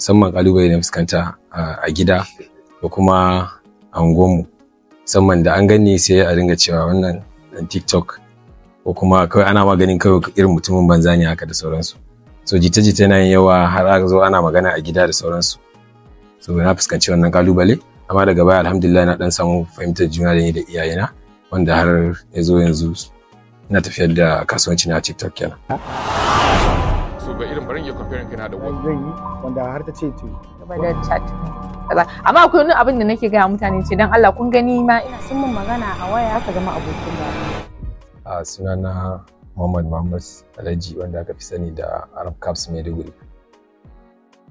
musamman kalubale na fuskanta a gida da kuma a unguwarmu musamman da an gani sai a ringa cewa wannan dan tiktok ko kuma kawai ana maganin kawai irin mutumin banza ne haka da sauransu so jita-jita na yin yawa har aka zo ana magana a gida da sauransu so na fuskanci wannan kalubale amma daga baya alhamdulillah na dan samu fahimtar juna da ni da iyayena wanda har ya zo yanzu na tafiyar da kasuwanci na tiktok kenan ba irin barin ya comparing kana da wani zai yi wanda har ta ce to da chat amma akwai wani abin da nake gaya mutane ce dan Allah kun gani ma ina sun mun magana a waya aka zama abokin ba a sunana Muhammad Muhammad Alhaji wanda aka fi sani da Arab Caps Maiduguri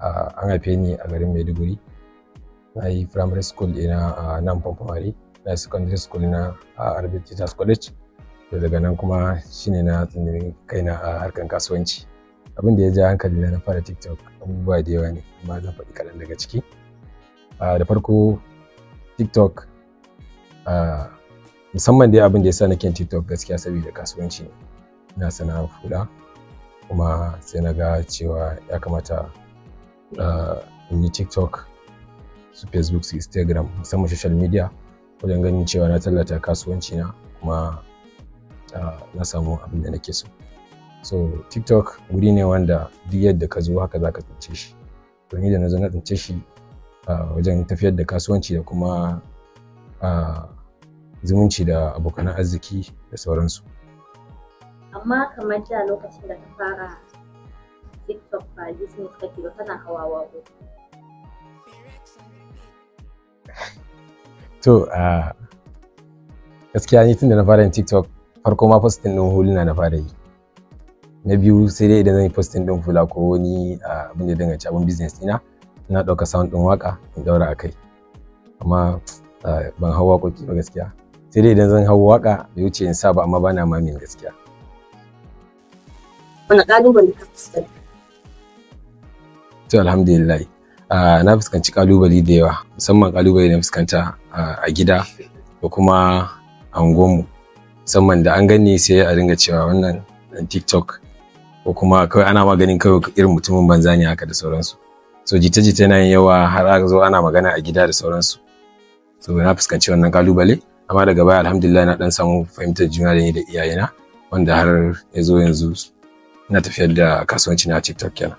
an haife ni a garin Maiduguri na yi primary school ina a nan Pampamari na secondary school na a Arabic Teachers College da daga nan kuma shine na tsindimi kaina a harkan kasuwanci abin da ya ja hankali na fara tiktok abubuwa da yawa ne amma zan faɗi kaɗan daga ciki da farko tiktok musamman dai abin da ya sa na nake tiktok gaskiya saboda kasuwanci ne ina sana'ar fuda kuma sai na ga cewa ya kamata in yi tiktok su facebook su instagram musamman social media wajen ganin cewa na tallata kasuwanci na kuma na samu abin da nake so so tiktok guri ne wanda duk yadda ka zo haka zaka tsince shi to ni da na zo na tsince shi wajen tafiyar da kasuwanci da kuma zumunci da abokan arziki da sauransu amma kamar da lokacin da ka fara tiktok ba business kake ba kana hawa wago to gaskiya ni tun da na fara yin tiktok farko ma fasitin ɗin huluna na fara yi na biyu sai dai idan zan yi posting din fula ko wani abin da danganci abin business dina ina ɗauka sound din waka in daura a kai amma ban hau waƙoƙi ba gaskiya sai dai idan zan hau waka da wuce in sa ba amma bana mamin gaskiya wani ƙalubale ka fuskanta to alhamdulillah na fuskanci kalubale da yawa musamman kalubale na fuskanta a gida da kuma angonmu musamman da an gani sai a dinga cewa wannan tiktok ko kuma kawai ana maganin kawai irin mutumin banza ne haka da sauransu so jita-jita yana yin yawa har aka zo ana magana a gida da sauransu so na fuskanci wannan kalubale amma daga baya alhamdulillah na dan samu fahimtar juna da ni da iyayena wanda har ya zo yanzu ina tafiyar da kasuwanci na tiktok kenan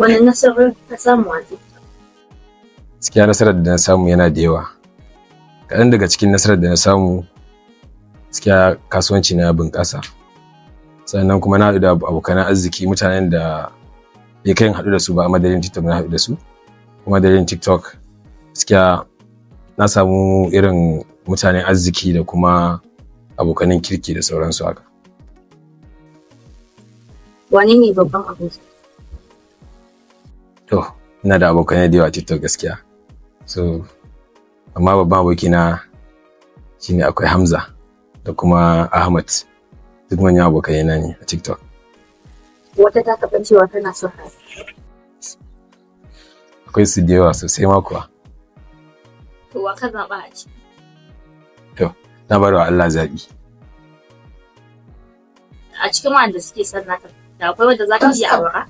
wani nasarar ka samu a tiktok gaskiya nasarar da na samu yana da yawa kaɗan daga cikin nasarar da na samu gaskiya kasuwanci na bunƙasa sannan kuma na haɗu da abokan arziki mutanen da ya kai haɗu da su ba a madadin tiktok na haɗu da su kuma madadin tiktok gaskiya na samu irin mutanen arziki da kuma abokanin kirki da sauransu haka wani ne babban aboki to ina da abokanai da yawa tiktok gaskiya so amma babban abokina shine akwai hamza da kuma ahmad duk manyan abokai na ne a TikTok. Wata ta kaɓa cewa tana son Akwai su da yawa sosai ma kuwa. To wa ka zaɓa a ciki? To, na bar wa Allah zaɓi. A cikin wanda suke son ka da akwai wanda za ka a aura?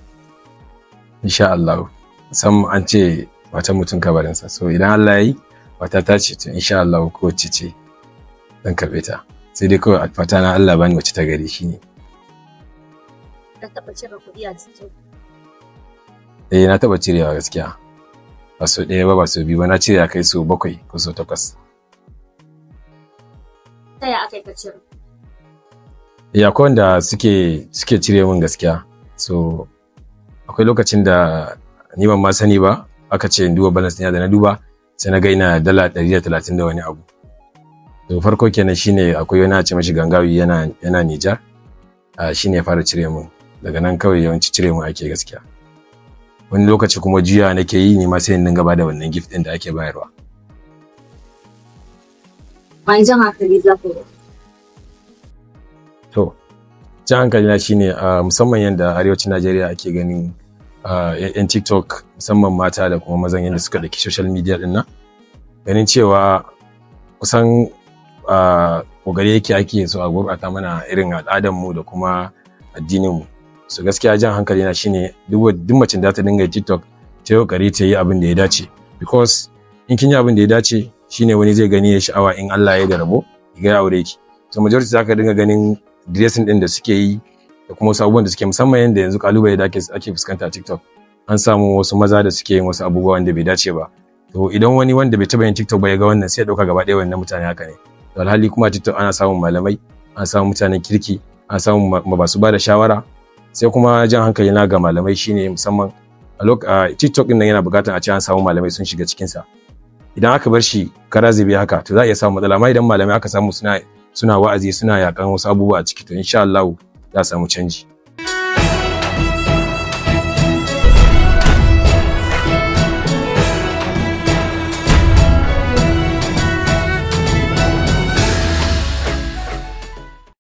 Insha Allah. Sam an ce wata mutum kabarinsa. So idan Allah ya yi, wata ta ce to insha Allah ko ce ce zan karɓe ta. sai dai kawai fata na Allah bani wacce ta gari shi ne taɓa cire kuɗi a cikin eh na taɓa cirewa gaskiya ba so ɗaya ba ba so biyu ba na cire kai so bakwai ko so takwas ta ya aka yi ka cire ya eh, akwai suke suke cire min gaskiya so akwai lokacin da ni ban ma sani ba aka ce in duba balance ɗina da na duba sai na ga ina dala ɗari da talatin da wani abu to farko kenan shine akwai wani a ce mashi gangawi yana yana Nijar uh, shine ya fara cire mun daga nan kawai yawanci cire mun ake gaskiya wani lokaci kuma juya nake yi ne ma sai in gaba da wannan gift din da ake bayarwa wani jan hankali to jan hankali na shine uh, musamman yadda arewacin Najeriya ake ganin yan TikTok musamman mata da kuma mazan yadda suka ɗauki social media din nan ganin cewa kusan kokari yake ake so a gurɓata mana irin al'adar mu da kuma addinin mu so gaskiya jan hankali na shine duk duk macin da ta dinga TikTok ta yi kokari ta yi abin da ya dace because in kin yi abin da ya dace shine wani zai gani ya sha'awa in Allah ya da rabo ga aure ki so majority zaka dinga ganin dressing din da suke yi da kuma wasu abubuwan da suke musamman yadda yanzu kalubale da ake fuskanta a TikTok an samu wasu maza da suke yin wasu abubuwa wanda bai dace ba to idan wani wanda bai taba yin TikTok ba ya ga wannan sai ya dauka gaba ɗaya wannan mutane haka ne to alhali kuma a tiktok ana samun malamai an samu mutanen kirki an samu masu ba da shawara sai kuma jan hankali na ga malamai shine musamman a tiktok din yana bukatar a ce an samu malamai sun shiga cikin sa idan aka bar shi kara zube haka to za a iya samu matsala amma idan malamai aka samu suna suna wa'azi suna yakan wasu abubuwa a ciki to insha Allah za a samu canji